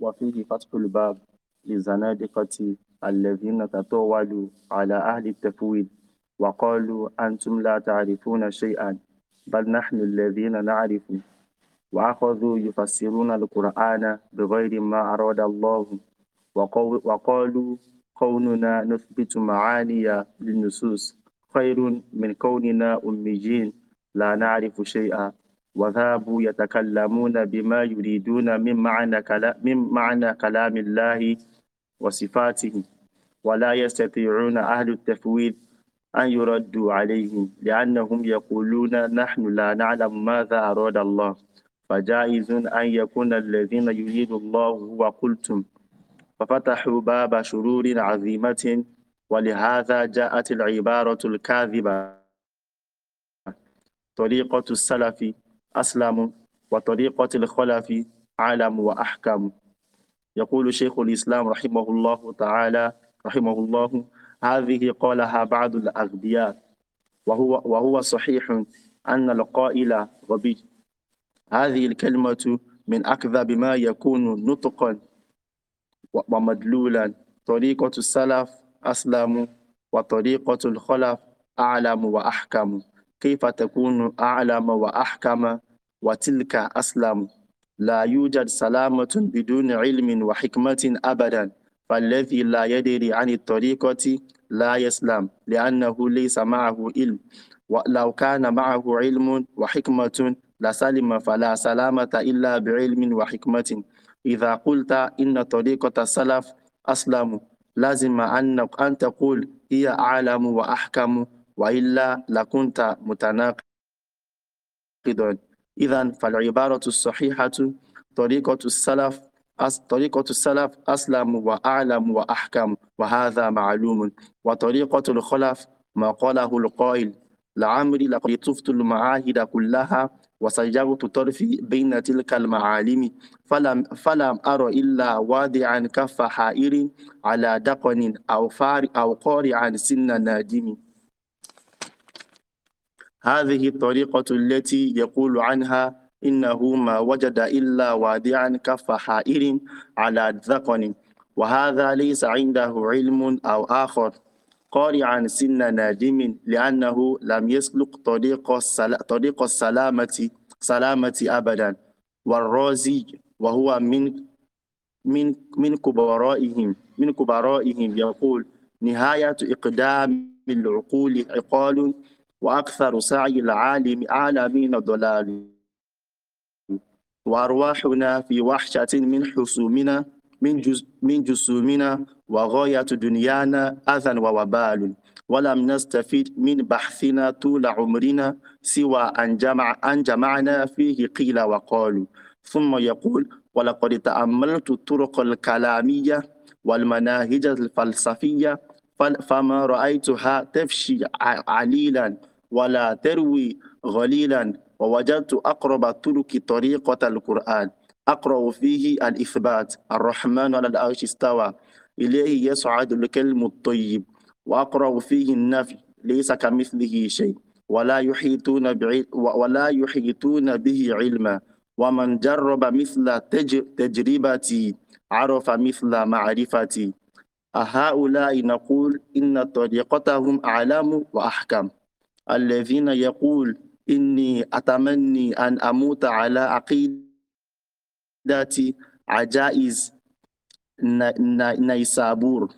وفيه فتح الباب للزنادقة الذين تطاولوا على أهل التفويض وقالوا أنتم لا تعرفون شيئا بل نحن الذين نعرف وأخذوا يفسرون القرآن بغير ما أراد الله وقالوا كوننا نثبت معاني للنصوص خير من كوننا أميين لا نعرف شيئا وذهبوا يتكلمون بما يريدون من معنى كلام من معنى كلام الله وصفاته ولا يستطيعون أهل التفويض أن يردوا عليهم لأنهم يقولون نحن لا نعلم ماذا أراد الله فجائز أن يكون الذين يريد الله هو قلتم ففتحوا باب شرور عظيمة ولهذا جاءت العبارة الكاذبة طريقة السلف أسلم وطريقة الخلف عالم وأحكم يقول شيخ الإسلام رحمه الله تعالى رحمه الله هذه قالها بعض الأغبياء وهو وهو صحيح أن القائل غبي هذه الكلمة من أكذب ما يكون نطقا ومدلولا طريقة السلف أسلم وطريقة الخلف أعلم وأحكم كيف تكون أعلم وأحكم وتلك أسلم لا يوجد سلامة بدون علم وحكمة أبدا فالذي لا يدري عن الطريقة لا يسلم لأنه ليس معه علم ولو كان معه علم وحكمة لسلم فلا سلامة إلا بعلم وحكمة إذا قلت إن طريقة السلف أسلم لازم أن أن تقول هي أعلم وأحكم وإلا لكنت متناقضا إذا فالعبارة الصحيحة طريقة السلف طريقة السلف أسلم وأعلم وأحكم وهذا معلوم وطريقة الخلف ما قاله القائل لعمري لقد طفت المعاهد كلها وسجرت طرفي بين تلك المعالم فلم, فلم أر إلا وادعا كف حائر على دقن أو, فار أو قارعا سن نادم هذه الطريقة التي يقول عنها إنه ما وجد إلا وادعا كف حائر على ذقن وهذا ليس عنده علم أو آخر قارعا سن نادم لأنه لم يسلك طريق, السل... طريق السلامة سلامة أبدا والرازي وهو من من من كبرائهم من كبرائهم يقول نهاية إقدام العقول عقال وأكثر سعي العالم عالمين ضلال وأرواحنا في وحشة من حسومنا من جز من جسومنا وغاية دنيانا أذى ووبال ولم نستفد من بحثنا طول عمرنا سوى أن جمع أن جمعنا فيه قيل وقال ثم يقول ولقد تأملت الطرق الكلامية والمناهج الفلسفية فما رأيتها تفشي عليلا ولا تروي غليلا ووجدت أقرب الطرق طريقة القرآن أقرأ فيه الإثبات الرحمن على العرش استوى إليه يصعد الكلم الطيب وأقرأ فيه النفي ليس كمثله شيء ولا يحيطون ولا يحيطون به علما ومن جرب مثل تجربتي عرف مثل معرفتي أهؤلاء نقول إن طريقتهم أعلم وأحكم الذين يقول إني أتمني أن أموت على عقيدة عجائز نيسابور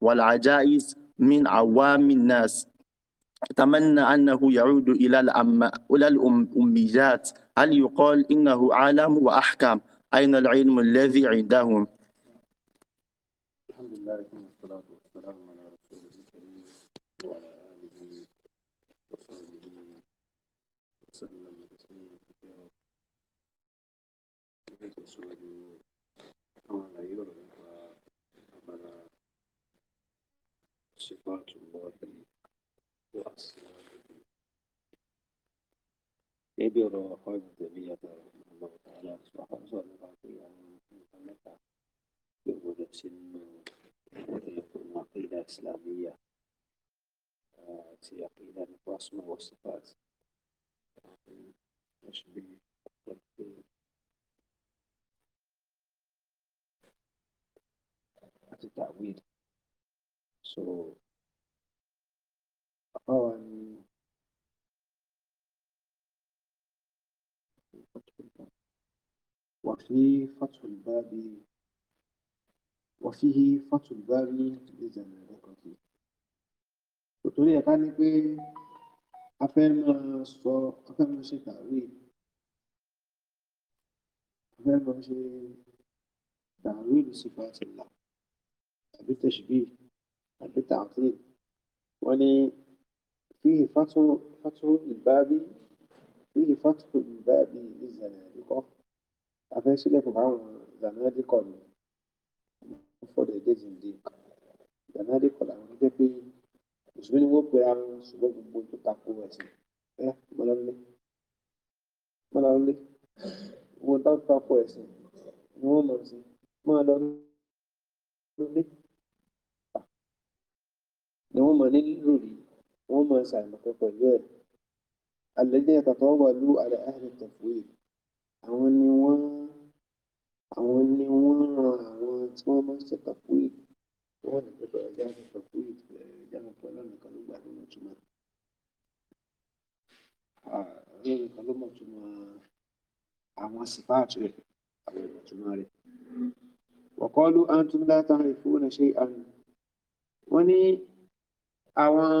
والعجائز من عوام الناس أتمنى أنه يعود إلى الأم... إلى الأميات هل يقال إنه عالم وأحكام أين العلم الذي عندهم صفات الله وأسمائه يبرى حد بيد الله تعالى سبحانه وتعالى يعني مكلفة يقول سن وتكون عقيدة إسلامية في عقيدة الأسماء والصفات تشبيه تلقين That tàwíìd so àbáwa وفي فتح الباب وفيه فتح الباب لزنادقة nítorí ẹ̀ka ni pé a fẹ́ máa sọ a fẹ́ máa ṣe tàwí a àbí tẹ̀síbí àbí tààtì wọ́n ní fíhì fátú ìbábí fíhì fátú ìbábí ìzànàdíkọ́ afẹ́sílẹ̀kùn àwọn ìzànàdíkọ́ ni wọ́n fọ́dọ̀ ẹ̀dẹ́jì ń dé ìzànàdíkọ́ làwọn jẹ́ pé òṣèlú ni wọ́n pe ara wọn ṣùgbọ́n gbogbo tó tako ẹ̀sìn ẹ̀ mọ́lọ́lé mọ́lọ́lé gbogbo tó tako ẹ̀sìn ni wọ́n mọ̀ sí mọ́lọ́lé ni wọ́n mọ nílò rí wọ́n mọ ṣàìmọ̀kẹ́ pẹ̀lú ẹ̀ alẹ́jẹ́ tàtọ́ wà lú àlẹ́ àhìlẹ̀ tẹ̀fù yìí àwọn ni wọ́n àwọn ni wọ́n ran àwọn tí wọ́n máa ń ṣe tẹ̀fù yìí wọ́n ní pẹ̀lú ẹja àti tẹ̀fù yìí ẹja àti pẹ̀lú ẹnìkan ló gbà nínú ìtumọ̀ ẹnìkan ló mọ̀ ìtumọ̀ àwọn sípáàtì rẹ̀ àwọn ìtumọ̀ rẹ̀ wọ́kọ́ ló á tún látàrí fún ẹ̀ṣẹ̀ àná wọ́n ní. àwọn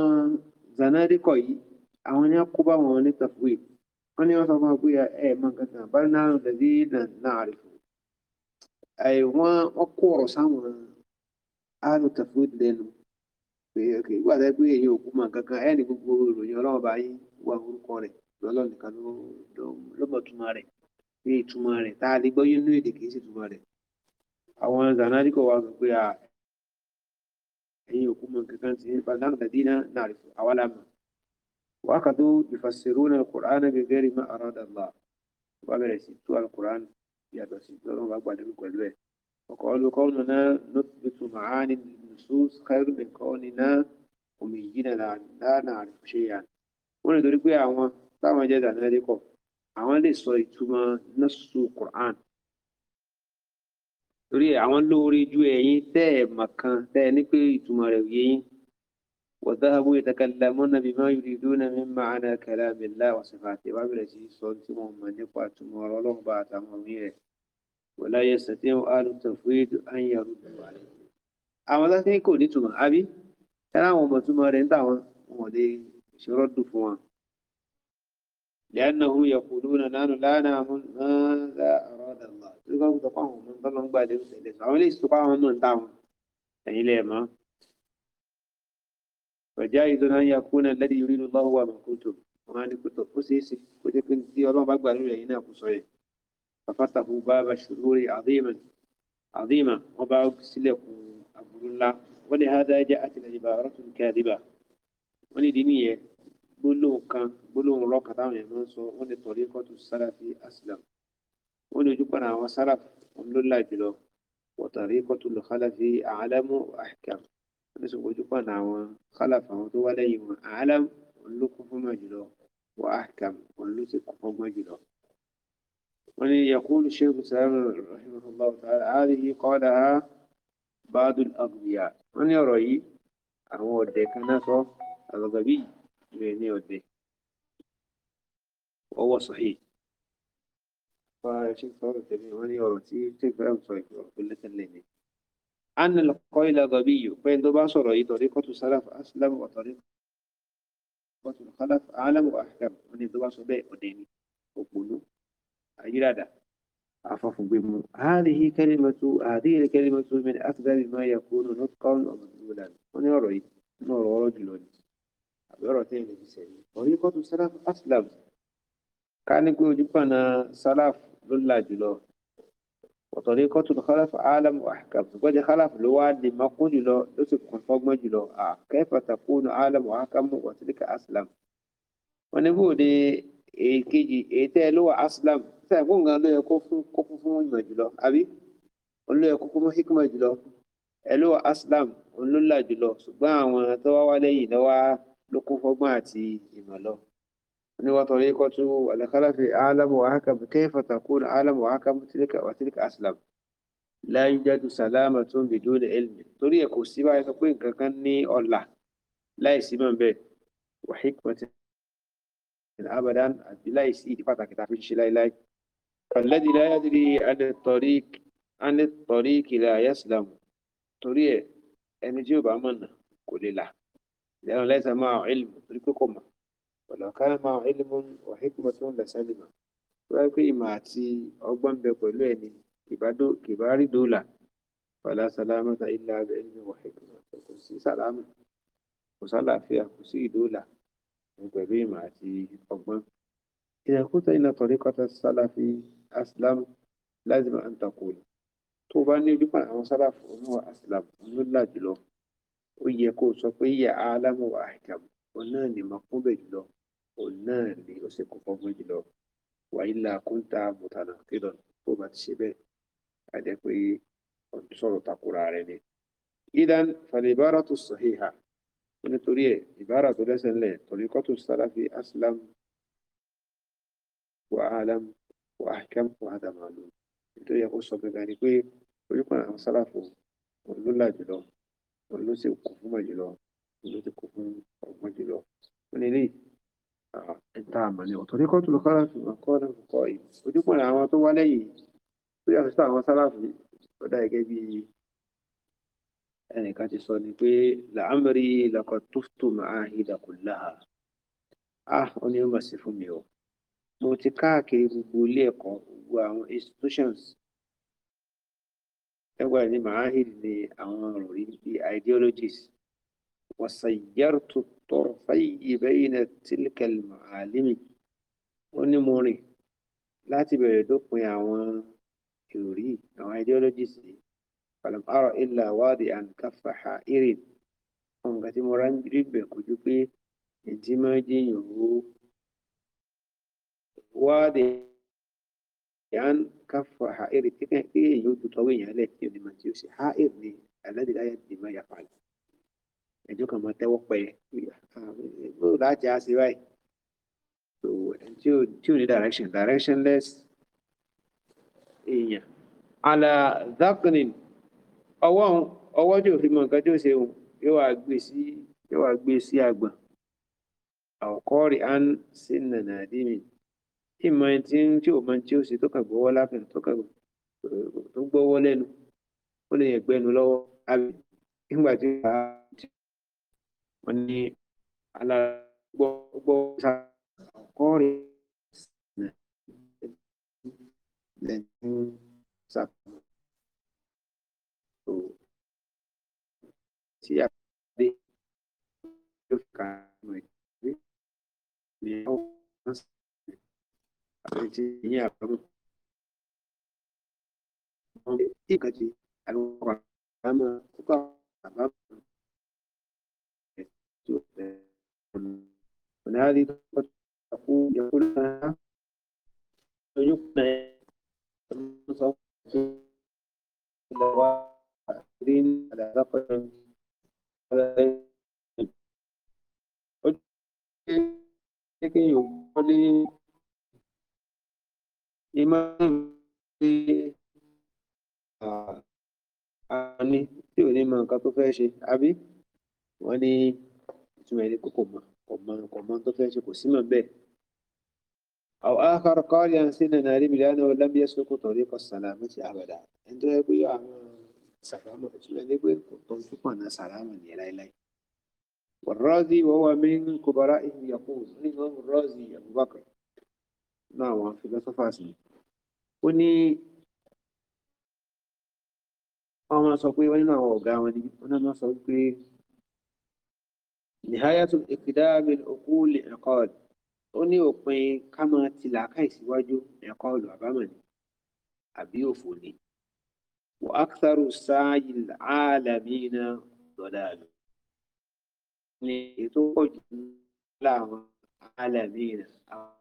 zanadikọ yìí àwọn ya kụba kó bá wọn ní tafwid wọn ni wọn sọ fún wọn pé ẹ mọ nǹkan kan bá náà A náà rẹ fún ẹ wọn wọn kó sáwọn pé ok pé èyí òkú ẹ ní gbogbo ìròyìn Ọlọ́run bá yín wà orúkọ rẹ̀ nìkan ló a ẹ̀yin òkú mọ̀ kankan ti balán ladina nàrífù àwàlámà wákàtó ìfàsirúnà kùránà gẹ́gẹ́rì má àràdàlá wọ́n bẹ̀rẹ̀ sí tú alukùrán yàtọ̀ sí lọ́rùn bá gbàdúrà pẹ̀lú ẹ̀ ọkọ̀ olùkọ́nù náà nọ́tìbìtù màáni nùsùs káírù nìkọ́ni náà omi yìí náà nàrífù ṣe yàn wọ́n nítorí pé torí àwọn lóore ju ẹ̀yin tẹ́ ẹ̀ mọ̀ kan tẹ́ ẹ ní pé ìtumọ̀ rẹ̀ yé yín wọ́dáhàbù yatakalamuna bima yuriduna min ma'ana kalamillahi wa sifatihi wá bẹ̀rẹ̀ sí sọ tí wọ́n mọ̀ nípa àtúmọ̀ ọ̀rọ̀ ọlọ́run bá àtàwọn mí rẹ̀ wala yastati'u ahlu tafwid an yaruddu alayhi. àwọn tó ti ń kò nítumọ̀ àbí tẹ́lá àwọn ọmọ túmọ̀ rẹ̀ ń tàwọn wọn lè ṣe rọ́dù fún wọn. لأنه يقولون نحن لا نعمل ماذا أراد الله تقول تقوم من ضمن من بعد يسأل أو ليس تقوم من دعوة يعني ليه ما فجائز أن يكون الذي يريد الله هو من كتب وما كتب أسيس كتب كنتي والله بقبل إليه هنا قصوي ففتحوا باب الشرور عظيما عظيما وباب سلك أبو الله ولهذا جاءت العبارة الكاذبة ولدينيه gbólóhùn kan gbólóhùn rọ́ọ̀kà táwọn èèyàn máa ń sọ wọ́n ní tọ̀rí kọ́ kọ́tù sálàfì asilam wọ́n ní ojú padà àwọn sálàf wọn ló là jùlọ wọ́n tọ̀rí kọ́ kọ́tù lọ kálàfì àhálàmú ahkam wọ́n ní sọ̀kò ojú padà àwọn kálàf àwọn tó wá lẹ́yìn wọn àálámù wọn ló kún fún máa jùlọ wọ́n ahkam wọn ló ti kún fún máa jùlọ. wọ́n ní yakulu sheikh sàlámù rahimahullah ta'ala àáríhi qalaha ba'du al wọ́n ní ọ̀rọ̀ yìí àwọn ọ̀dẹ̀ kan náà sọ àgbàgbà bíi بيني ودي وهو صحيح فشيخ صارت بيواني ورتي كيف أنفع كل تليني أن القيل ضبي بين دو دبا صرعي إيه، طريقة سلف أسلم وطريقة الخلف أعلم وأحكم من دبا صبي وديني وقولوا أجرادا عفاف بهم هذه كلمة هذه الكلمة من أفضل ما يكون نطقا ومدلولا ونرى نرى رجل àbí ọ̀rọ̀ tẹ́yìn lè fi sẹ́yìn orí kọ́tù sálàf aslam ká ní pé ojúpọ̀nà sálàf ló là jùlọ ọ̀tọ̀ ní kọ́tù khalaf alam ahkam ṣùgbọ́n jẹ́ khalaf ló wá di makún jùlọ ló sì kún fọ́gbọ́n jùlọ kayfa takunu alam ahkam wa tilka aslam wọn ní bò ní èkejì èyí tẹ́ ló wà aslam tẹ́ ẹ̀kọ́ nǹkan ló yẹ kó fún kó fún fún ìmọ̀ jùlọ àbí òun ló yẹ kó fún hikma jùlọ ẹ̀ ló wà aslam òun ló là jùlọ ṣùgbọ́n àwọn tó wá wá lẹ́yìn lọ́wọ́ ló kún fọ́gbọ́n àti ìmọ̀ lọ ní wọ́n tọrọ yìí kọ́ tún àlàkálàfẹ́ alamu ahakam kayfa takunu alamu ahakam tilka wa tilka aslam la yujadu sàlámà tó ń bìdó ní ilmi torí ẹ̀ kò sí báyìí sọ pé nǹkan kan ní ọ̀la láì sí mọ̀ bẹ́ẹ̀ wa hikmati abadan àti láì sí ìdí pàtàkì tàbí ṣe láíláí alladhi la yadri an at-tariq la yaslam torí ẹ̀ ẹni tí ó bá mọ̀nà kò lè là. لأنه ليس معه علم اترككما ولو كان معه علم وحكمة لسلم ولكن ما تسي أبن بقلويني كبادو كباري دولا فلا سلامة إلا بعلم وحكمة فكسي سلامة وصلى فيها كسي دولا وقبي ما تسي أبن إذا كنت إن طريقة السلف أسلم لازم أن تقول توباني لما أنصرف أنه أسلم أنه لا جلوه ó yẹ kó sọ pé yẹ alámọ̀ àìkàmù òun náà ni mo kún bẹ̀ jùlọ òun náà ni ó sì kún fọ́gbọ́n jùlọ wàhálà kúńtà mùtànà kílọ̀ tó bá ti ṣe bẹ́ẹ̀ ká pé òun sọ̀rọ̀ takura rẹ̀ ni. idan falibara tó sahiha nítorí ẹ̀ ìbára tó dẹ́sẹ̀ ńlẹ̀ torí kọ́tù sálàfi aslam wa alam wa ahkam wa adamalu nítorí ẹ̀ kó sọ gbẹgbẹ ni pé ojú kan àwọn sálàfò òun ló là jùlọ òun ló sì kún fún mọ̀ jùlọ òun ló sì kún fún ọgbọ́n jùlọ ó ní eléyìí ẹ̀ta àmọ́ ni ọ̀tọ̀ ní kọ́ńtù lọ́kọ́lá fi hàn kọ́ ní kọ́ yìí ojúpọ̀nà àwọn tó wá lẹ́yìn tó yàtọ̀ sí àwọn sálàfù ọ̀dà gẹ́gẹ́ bí ẹnìkan ti sọ ni pé làámírí làkọ̀ tóftò máa ń hídà kò láha á ó ní ó mà sí fún mi o mo ti káàkiri gbogbo ilé ẹ̀kọ́ gbogbo àwọn institutions أول معاهد ideologies وسيرت الطرفي بين تلك المعالم ونموني láti bẹ̀rẹ̀ dópin àwọn theory àwọn ideologies yìí فلم أرى إلا واضعا كف حائر nǹkan tí mo rà ń rí bẹ̀ kò ju pé ètí máa jẹ́ yòówó wádìí. يعني كف حائر تكن إيه يود طويل عليه يود ما تيوسي حائر ني الذي لا يدري ما يفعل ẹjọ́ kan máa tẹ́wọ́ pẹ́ ah, bó láti á sí báyìí so tí ò tí ò ní direction directionless èèyàn àlà zakunin ọwọ́ ọwọ́ tí ò fi mọ nǹkan tí ò ṣe òun yóò wá gbé sí yóò wá gbé sí àgbọ̀n àwòkọ́rì án sí nànàdínmìn tí mọ ẹni tí tí ò mọ tí ó sì tó kàn gbọ́wọ́ lápẹ tó kàn tó gbọ́wọ́ lẹ́nu ó lè yẹn gbẹ́nu lọ́wọ́ àbí nígbà tí wà á ti wọn ní alágbọgbọ sàkọọrẹ lẹ́nu sàkọọrẹ tí a dé yóò fi kà á mọ ìgbé ní ọwọ́ náà àtẹ̀yìn àbúrò wọn tí nǹkan ti àwọn ọkọ̀ àbámọ̀ púpọ̀ àbámọ̀ rẹ̀ tí ó fẹ́ ọ̀nà àrí tó kọ́ yẹ̀kú náà lójú pẹ̀ ọdún sọ pé ilẹ̀ wa rí ní àdàlápẹ̀ ọ̀rẹ́ ó jẹ́ kékeré òun wọlé. àwọn ni tí ò ní mọ nǹkan tó fẹ́ ṣe àbí wọ́n ní ìtumọ̀ ẹni pé kò mọ kò mọ kò mọ tó fẹ́ ṣe kò sí mọ̀ bẹ́ẹ̀. àwọn akara kọ́ọ̀lì àti sínú náà rí mílíọ̀nù lábíyẹ sókò tó rí kọ́ sàlámù ti àbàdà ẹni tó pé àwọn sàlámù ìtumọ̀ ẹni pé kò tó ń túpọ̀ náà sàlámù ní láéláé. والرازي وهو من كبرائه يقول الإمام الرازي أبو بكر láwọn philosophers ni ó ní wọ́n máa sọ pé wọ́n nínú àwọn ọ̀gá wọn ni wọ́n náà máa sọ pé nihayatul iqdam al-uqul iqad ó ní òpin ká máa ti làákàyè síwájú ẹ̀kọ́ ọ̀lù àbí òfò ni wa aktharu sáàyì al-alamina dọ̀dáàlù ni ètò pọ̀ jù láwọn alamina àwọn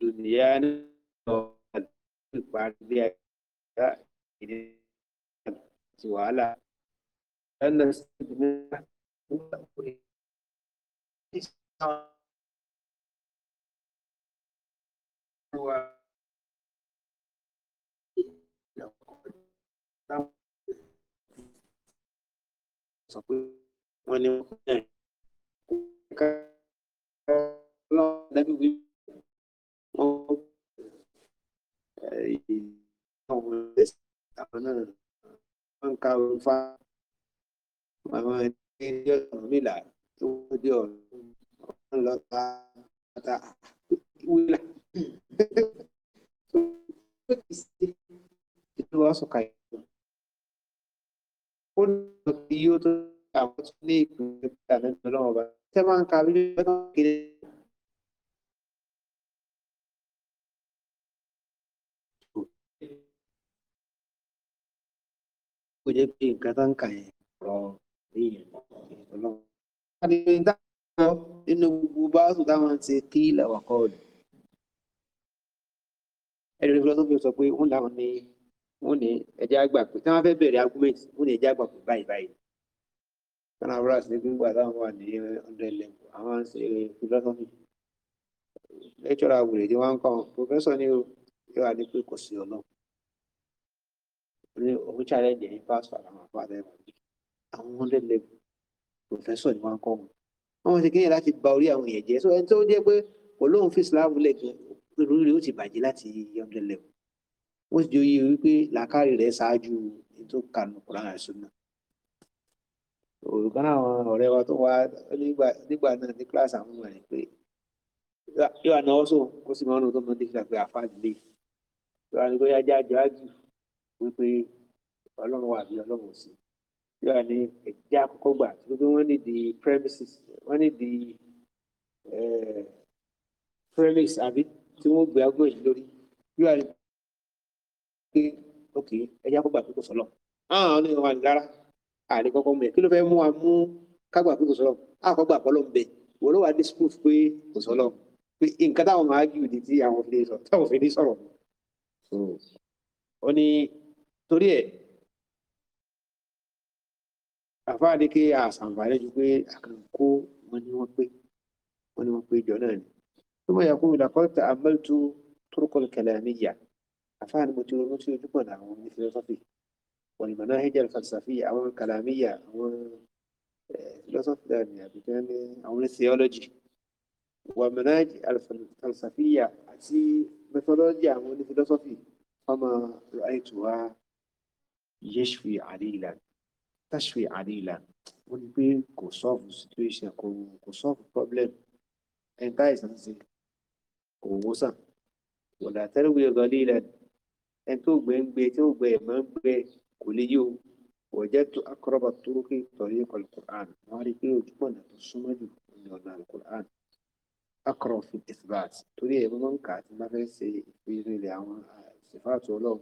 dunia ni kepada dia ini suara لأن الاستثناء هو wani Hãy subscribe cho kênh Ghiền Mì Gõ Để không bỏ lỡ những video hấp dẫn Mama Dios mila tu Dios lo ta ta wila tu aso kai por lo que yo te hago ni que también lo va te van cabello que Kuje pinka tangkai, rong. àdìrín dákọ̀ nínú gbogbo báàsù táwọn ti kí làwọn kọ́ ọ̀dù ẹ̀rọ ìfúnlọ́ tó fi sọ pé wọ́n làwọn ní wọ́n ní ẹ̀jẹ̀ àgbà pé táwọn fẹ́ bẹ̀rẹ̀ argument wọ́n ní ẹ̀jẹ̀ àgbà pé báyìí báyìí kọ́nà àbúrò àti gbígbà táwọn wà ní ọ̀dọ̀ ilẹ̀ àwọn ṣe philosophy lecturer àwòrán tí wọ́n ń kọ́ wọn professor ni yóò wá ní pé kò sí ọlọ́run òun challenge ẹ̀yìn pásítọ̀ àwọn àbúrò àti àwọn hundred level professor ni wọ́n kọ́ wọn wọ́n ti kéde láti gba orí àwọn èèyàn jẹ́ so ẹni tó jẹ́ pé kò lóun fi islam lẹ́gbẹ̀ẹ́ irú rẹ̀ ó ti bàjẹ́ láti hundred level ó sì jẹ́ oyè wípé làákàrí rẹ̀ ṣáájú ní tó kà ní Kùránì àti Sunnah òrùkan àwọn ọ̀rẹ́ wa tó wá nígbà náà ní kíláàsì àwọn ọmọ rẹ̀ pé yóò àná ọ́sọ̀ kó sì máa ń lò tó máa ń dékìlà pé àfáàdì lè yóò àná kó yá jáde ájú wípé ọlọ́run wà bí ọlọ́run ò sí yóò ní ẹ̀jẹ̀ àkọ́kọ́ gbà tó pé ní di premises wọ́n ní di eh, premise àbí tí wọ́n gbé agbó yìí lórí yóò ní pé ok ẹ̀jẹ̀ àkọ́kọ́ gbà pé kò sọ̀lọ̀ àwọn ní wọn àgbára àní kọ́kọ́ mọ̀ ẹ̀ kí ló fẹ́ mú wa mú kágbà pé kò sọ̀lọ̀ àkọ́gbà kọ́ ló ń bẹ̀ wọ́n ló wà dispute pé kò sọ̀lọ̀ pé nǹkan táwọn máa jù ní tí àwọn fi ní sọ̀rọ̀ táwọn fi ní sọ̀rọ̀ ó ní torí ẹ̀ àfáàdé kí àṣàǹfààní ju pé àkànkó wọn ni wọn pé wọn ni wọn pé jọ náà ni tó mọ̀ yàkó ìdàkọ́ta àmọ́tò turuqul kalamiyya àfáàní mo ti ronú sí ojúbọ̀ náà àwọn ní philosophy wọn ni manahij al-falsafiyya àwọn kalamiyya àwọn philosophy náà ni àbí kan ní àwọn ní theology wọn manahij al-falsafiyya àti methodology àwọn ní philosophy ọmọ ra'aytuha yashfi alilan. tashfi alila ó ní pé kò solve situation kò kò solve problem ẹni tá àìsàn ṣe kò wó sàn kò là tẹ́lẹ̀wé galila ẹni tó gbẹ ń gbẹ tí ó gbẹ ẹ̀ máa ń gbẹ kò lè yí o وجدت أقرب الطرق طريق القرآن مالكي وجبنا الصمد من القرآن أقرب في الإثبات تريد من كات مغرس في ذي صفات ولو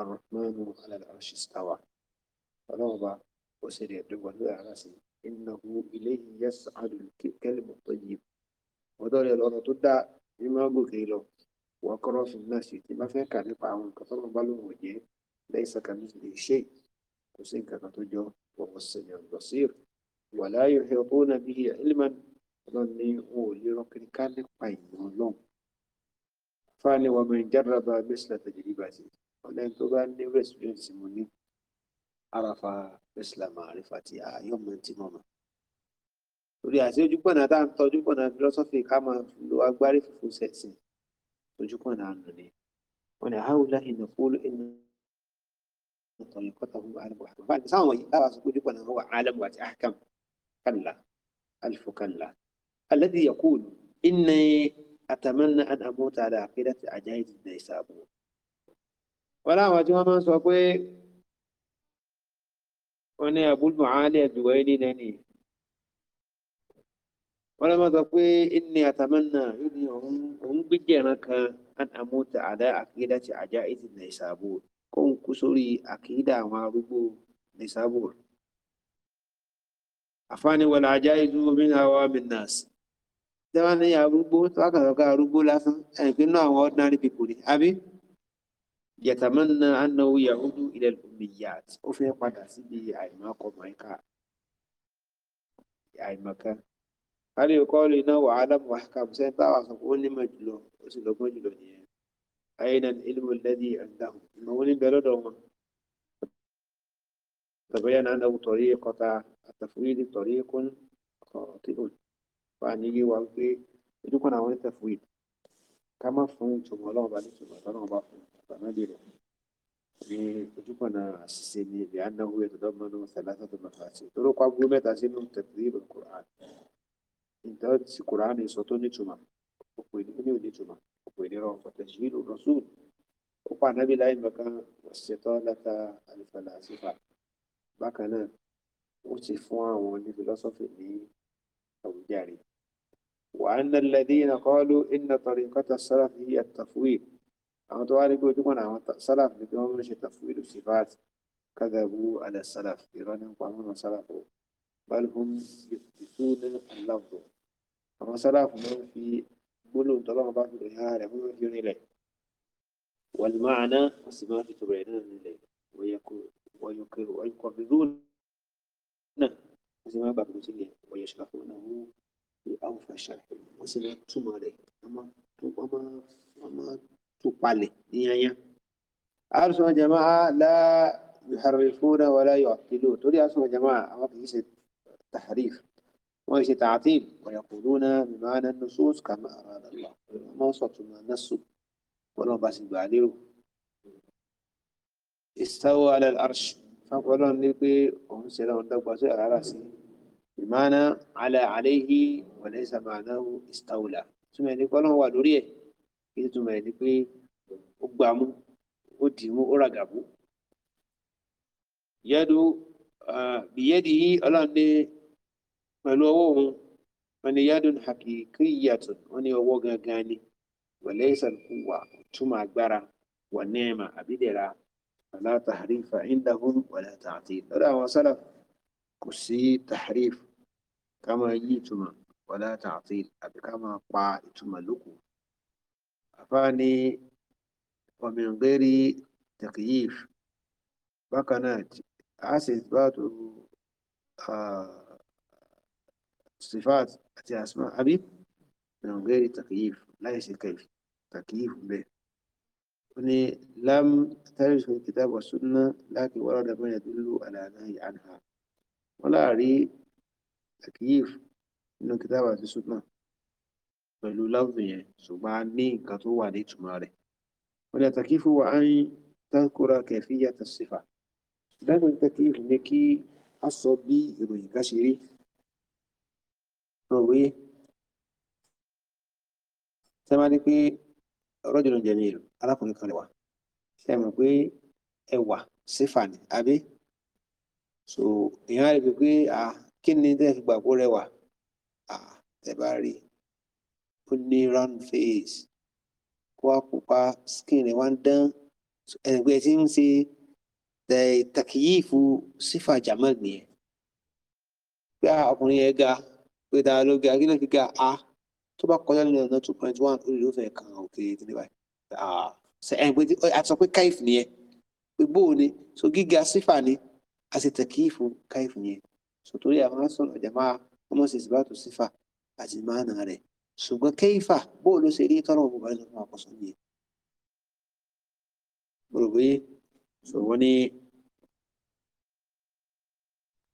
الرحمن على العرش استوى فنوضع وسريع وهو عراسي إنه إليه يسعد الكلم الطيب ودوري الأرض تدع بما قيله وأقرأ في الناس ما فيك عن يقع كثر بالهم وجه ليس كمثله شيء وسين كتجو وهو السميع البصير ولا يحيطون به علما ظني أولي كان قيم لهم فاني ومن جرب مثل تجربته ولن تبان نفس جنس مني عرف مثل معرفتها يوم انتماما torí àti ojúpọ̀nà tá à ń tọ́jú pọ̀nà philosophy ká máa lo agbárí funfun sẹ̀sìn ojúpọ̀nà àná ni wọn ni àhàwùlá ìnàkúlù ìnà ìtọ̀yìn kọ́tà fún àlùbọ̀ àbúfà ní sáwọn yìí táwa sọ pé ojúpọ̀nà wọn wà àlùbọ̀ àti àkàm kàlà àlùfò kàlà alẹ́dí yakúlù ìnà àtàmánà àn àmúta àdà àkídàtì àjáyé ti dẹ̀ ìsàbò wọn láwọn tí wọn máa ń sọ pé wọ́n ní Abul Muali al-Juwayni nẹ́ni wọ́n lọ́mọ sọ pé inni atamanna ní òun gbígbẹ́ ẹran kan an amuta ala aqidati ajaiz Naysabur kóun kú sórí àkídà àwọn arúgbó Naysabur àfáàní wal ajaizu min awamin nas tẹ́wọ́n ní arúgbó tó wákàtí ọ̀gá arúgbó lásán ẹ̀ náà àwọn ordinary people ni àbí. يتمنى أنه يعود إلى الأميات وفي قد أسيبه عيماك ومعيكا عيماك هل يقول إنه وعلم وأحكام سيطا وصفون مجلو وسلو مجلو أين العلم الذي عندهم المولين بلدهم تبين أنه طريقة التفويض طريق خاطئ فأني يجي فأنيجي يجي كنا عن التفويض كما فهمتم الله بعد ثم الله بعد فعمله وتجب أن لأنه يتضمن ثلاثة مفاسد طرق عبومة تعزيم تدريب القرآن انتهت القرآن يسوطون جمع وكوينين ونجمع وكوينين وتشهيد الرسول وقع نبي لا يمكن واستطالة الفلاسفة بكنا فلسفة أو جاري وأن الذين قالوا إن طريقة السلف هي التفويض أما تواري كو دمان أما سلاف دمان مشي تفويل الصفات كذبوا على السلف إيران يقامون سلافه بل هم يفتسون اللفظ أما سلاف من في بلون طلاب بعض الإهارة هم يجون إليه والمعنى السماء في تبعينان إليه ويكر ويقررون السماء بعض الإهارة ويشرحونه في أوفى الشرح وسنة تمالي أما أما أما تقالي يعني أهل لا يحرفون ولا يعطلون تقول أهل سنة جماعة ليس تحريف وليس تعطيل ويقولون بمعنى النصوص كما أراد الله ما وصلت ما نسوا ولا بأس بعليه استوى على الأرش فقالوا النبي وهم سيرون دقوا على رأسه بمعنى على عليه وليس معناه استولى ثم يقولون هو ìtumọ̀ ẹ̀ ni pé ó gbámú ó dìímú ó ràgàbú yẹ́dù bìyẹ́dì yìí ọlọ́run ní pẹ̀lú ọwọ́ òun wọn ni yẹ́dù hakiki yàtọ̀ wọn ni ọwọ́ gangan ni wọ̀lẹ́ ìsàlùkù wà túmọ̀ agbára wà nẹ́ẹ̀mà àbídẹ̀ra wàlá tàhrífà ìndàhùn wàlá tààtì lọ́dọ̀ àwọn sálàf kò sí tàhríf ká máa yí ìtumọ̀ wàlá tààtì àbí ká máa pa ìtumọ̀ lókùn أفاني ومن غير تكييف بكنات عسى إثبات آه، صفات أتي أسماء أبي من غير تكييف ليس كيف تكييف به لم ترد في الكتاب والسنة لكن ورد ما يدل على نهي عنها ولا أري تكييف من الكتاب والسنة pẹ̀lú láwùjọ yẹn ṣùgbọ́n a ní nǹkan tó wà ní ìtumọ̀ rẹ̀ wọ́n yàtọ̀ kí fún wa ń tákùrà kẹfí yàtọ̀ sífà dáhùn ní kí a sọ bí ìròyìn ká ṣe rí rò wí ṣe máa ní pé rọ́jò ló ìlú alákùnrin kan lè wà so èèyàn á rí i pé ah, kí ni tẹ́ fi ah, ẹ i. ó ní round face kó wá pupa skin rẹ̀ wá ń dán ẹ̀gbẹ́ tí ń ṣe tàkìyífù sífà jamal nìyẹn pé ah, ọkùnrin yẹn ga pé dáa ló ga kí ló fi ga a ah, tó bá kọjá nínú ọ̀nà two point one ó lè ló fẹ́ kàn án òkè ní báyìí ah, ṣe ẹ̀ pé sọ pé káyìfù nìyẹn pé bóò ni so gíga sífà ni a sì tàkìyífù káyìfù nìyẹn so torí àwọn sọ̀rọ̀ jàmáà wọ́n mọ̀ sí ìsìbátò sífà àti máàna rẹ̀ سوغا كيفا بولو سيري كرو بعد ما قصدي بروبي سوغني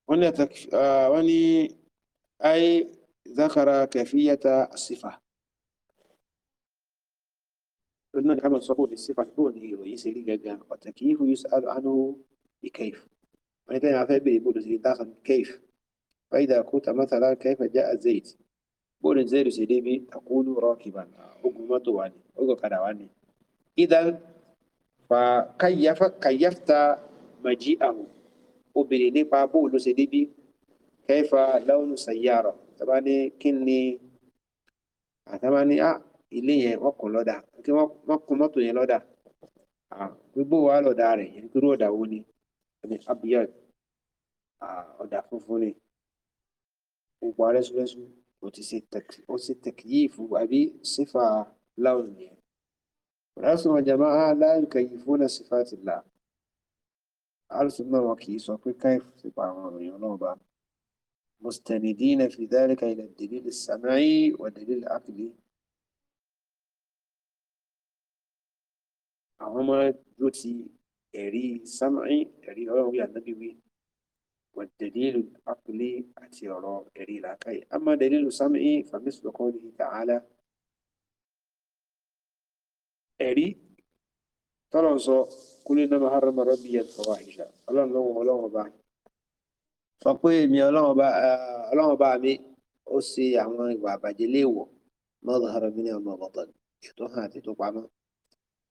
وني آه، وني اي ذكر كيفية الصفة قلنا نعمل صفوف الصفة تكون هي ويسي لي جاجا والتكييف يسأل عنه بكيف وإذا يعفى بي يقول داخل كيف فإذا كنت مثلا كيف جاء الزيت bóòlù zaidu ṣe débi àkúlù rakiban ogun mọ́tò wà ní ogun kadà wà ní. idan fa kàyáfà kàyáfta màjí àhùn obìnrin nípa bóòlù ṣe débi kẹfà láwùnú sayyara tàbá ní kí ni àtàbá ní à ilé yẹn wọ́n kàn lọ́dà kí wọ́n kàn mọ́tò yẹn lọ́dà gbogbo wa lọ́dà rẹ̀ yẹn kúrò ọ̀dà wo ni ẹni abiyad ọ̀dà funfun ni gbogbo arẹ́súrẹ́sú. وتسي التكييف وأبي صفة لونية والأرسل والجماعة لا يكيفون صفات الله أرسل ما وكيس وكل كيف صفة مستندين في ذلك إلى الدليل السمعي والدليل العقلي أهما جوتي إري سمعي إري أولو النبي النبي والدليل العقلي أتيرا دليل عقلي أما دليل سمعي فمثل قوله تعالى أري ترى كل إنما حرم ربي الفواحش الله الله الله بعد فقوي مي الله با الله با مي ó ṣe àwọn ìwà àbàjẹ́ léèwọ̀ mọ́láhara mi ní ọmọ ọ̀bọ̀tàn ètò hàn àti ètò pamọ́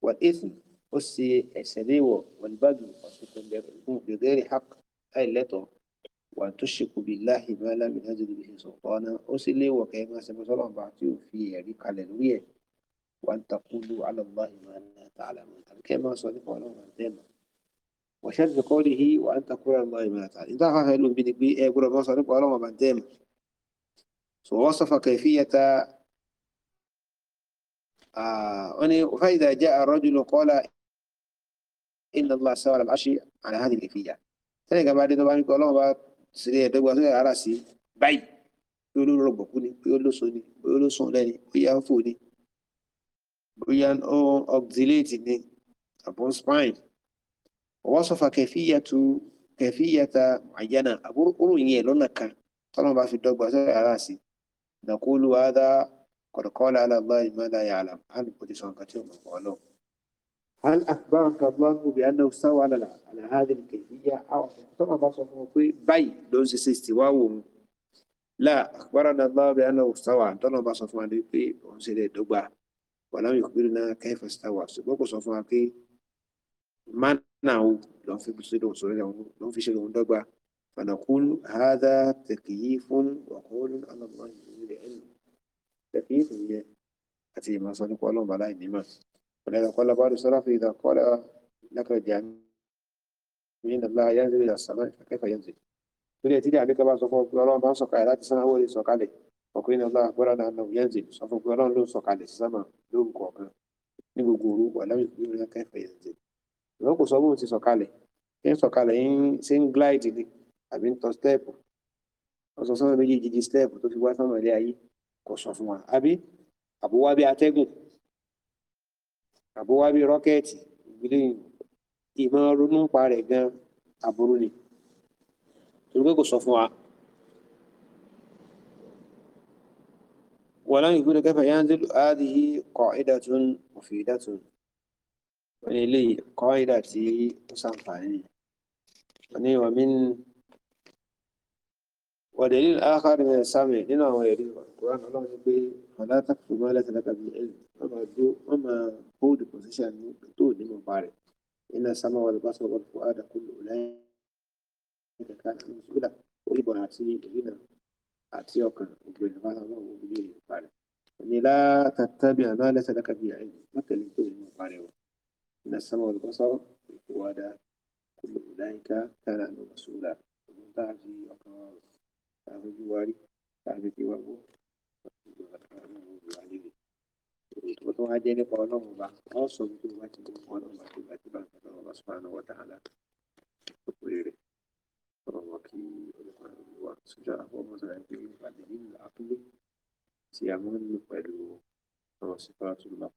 wọ́n èsì ó ṣe ẹ̀ṣẹ̀ léèwọ̀ أي لتو وأن تشركوا بالله ما لم ينزل به سلطانا أسلي وكما سبسلهم بعتيو في يديك على الوية وأن تقولوا على الله ما لا تعلمون كما صدق الله أنتم وشر قوله وأن تقول على الله ما لا تعلمون إذا هل بنك بي يقول إيه؟ ما صدق ولو ما أنتم ووصف كيفية آه فإذا جاء الرجل قال إن الله سوى العشي على هذه الكيفية tẹ́lẹ̀ kan bá dé tó bá ní kọ́ ọlọ́run bá sílé ẹ̀dọ́gba sí ara sí báyìí pé olórọ̀gbọ̀kú ni pé olóso ni pé olóso lẹ́ni bóyá ń fò ni bóyá ó oxalate ni àbọ̀ spine wọ́n sọ fa kẹfíyàtú kẹfíyàtà àyànà àbúrò yẹn lọ́nà kan tọ́lọ́run bá fi dọ́gba sí ara sí nàkúlù àdá kọ̀dọ̀kọ́lá aláàbá ìmọ̀lá yàrá alùpùpù ti sọ nǹkan tí ó هل أخبرك الله بأنه استوى على على هذه الكيفية أو بصر طبعا بي دون استواء لا أخبرنا الله بأنه استوى طبعا صفوان بي وانسي دوبا ولم يخبرنا كيف استوى سبوك صفوان من منعه لو في بصير لو في شيء دوبا فنقول هذا تكييف وقول على الله بغير علم تكييف هي أتي ما صنعك ولهم على إنما ولذا قال بعض السلف إذا قال لك الجامع إن الله ينزل إلى السماء فكيف ينزل؟ torí ẹtí ní àbíkẹ́ bá sọ fún ọgbẹ́ ọlọ́run bá ń sọ̀kalẹ̀ láti sánmà wọlé sọ̀kalẹ̀ ọkùnrin náà agbára náà náà yẹn ń zèlú sọ fún ọgbẹ́ ọlọ́run ló ń sọ̀kalẹ̀ sí sánmà lóru kọ̀ọ̀kan ní gbogbo òru wà láwọn ìpínlẹ̀ orí akẹ́fẹ́ yẹn ń zèlú ìwọ́n kò sọ bóun ti sọ̀kalẹ̀ ṣé ń sọ̀kalẹ̀ ṣé ń glide ni àbí ń tọ stẹ́ẹ̀pù wọ́n sọ sánmà méjì jíjí stẹ́ẹ̀pù tó fi wá sánmà ilé ayé kò sọ fún wa àbí àbúwá bí atẹ́gùn àbó wá bí rọ́kẹ́ẹ̀tì ìgbélé ìmọ̀ ronú pa rẹ̀ gan aburú ni torí pé kò sọ fún wa. wọ́n láwọn ìgbélé kẹfà yá ń dé àádìí kọ́ ìdá tó ń òfin ìdá tó ń wọ́n lè kọ́ ìdá tí ó sàǹfààní. wọ́n ní wọ́n mí ń. ودليل آخر من السامع هنا ويريد القرآن الله به فلا تكف ما ليس لك بعلم أما دو أما هود بوزيشن تو دي مبارك إن السماء والبصر والفؤاد كل أولئك كان مسؤولا ويبو نفسي هنا أتيوكا وكبير فاس الله به مبارك إن يعني لا تتبع ما ليس لك بعلم ما كان تو دي مبارك إن السماء والبصر والفؤاد كل أولئك كان مسؤولا ومن بعد وكبير tá fojú wa rí tá fi ti wá wò tó tó wá jẹ́ nípa ọlọ́run ọba wọ́n sọ wípé wọ́n ti mú ọlọ́run ọba tó bá ti bá ń bá ọba sọ́nà wọ́n tà á lá òpèrè rẹ̀ ọ̀rọ̀ kí olùkọ́ wa sójà àbọ̀mọ́ sọ̀rọ̀ pé ìpàdé nínú àpúlé tí a mọ́ ń pẹ̀lú ọ̀rọ̀ sípàtúmọ̀